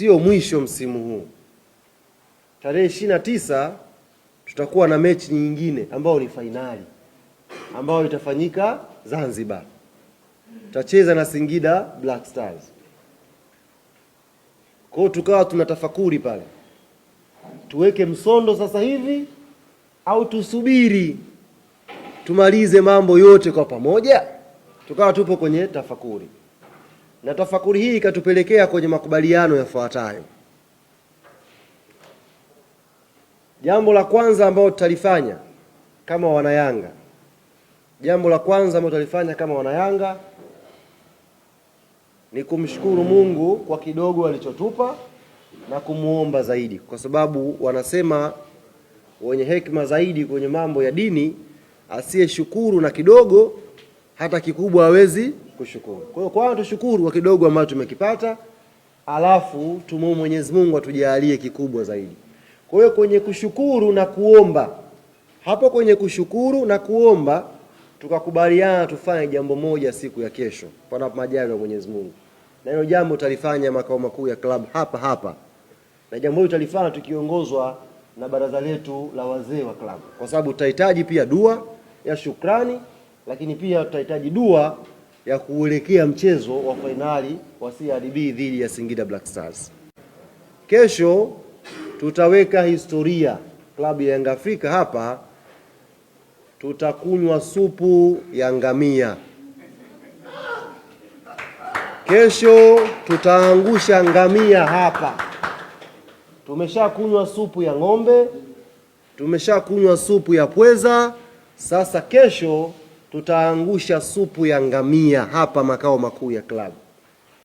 sio mwisho msimu huu. Tarehe ishirini na tisa tutakuwa na mechi nyingine ambayo ni fainali ambayo itafanyika Zanzibar, tutacheza na Singida Black Stars. Kwa hiyo tukawa tuna tafakuri pale, tuweke msondo sasa hivi au tusubiri tumalize mambo yote kwa pamoja? Tukawa tupo kwenye tafakuri na tafakuri hii ikatupelekea kwenye makubaliano yafuatayo. Jambo la kwanza ambayo tutalifanya kama wanayanga, jambo la kwanza ambayo tutalifanya kama wanayanga ni kumshukuru Mungu kwa kidogo alichotupa na kumwomba zaidi, kwa sababu wanasema wenye hekima zaidi kwenye mambo ya dini, asiyeshukuru na kidogo hata kikubwa hawezi kushukuru. Kwa hiyo kwanza tushukuru kwa kidogo ambacho tumekipata, alafu tumuombe Mwenyezi Mungu atujalie kikubwa zaidi. Kwa hiyo kwenye kushukuru na kuomba, hapo kwenye kushukuru na kuomba tukakubaliana tufanye jambo moja siku ya kesho, panapo majaliwa ya Mwenyezi Mungu, na hilo jambo utalifanya makao makuu ya klabu hapa hapa, na jambo hilo utalifanya tukiongozwa na baraza letu la wazee wa klabu, kwa sababu tutahitaji pia dua ya shukrani lakini pia tutahitaji dua ya kuelekea mchezo wa fainali wa CRB dhidi ya Singida Black Stars. Kesho tutaweka historia, klabu ya Yanga Afrika hapa tutakunywa supu ya ngamia. Kesho tutaangusha ngamia hapa. Tumeshakunywa supu ya ng'ombe, tumeshakunywa supu ya pweza. Sasa kesho tutaangusha supu ya ngamia hapa makao makuu ya klabu.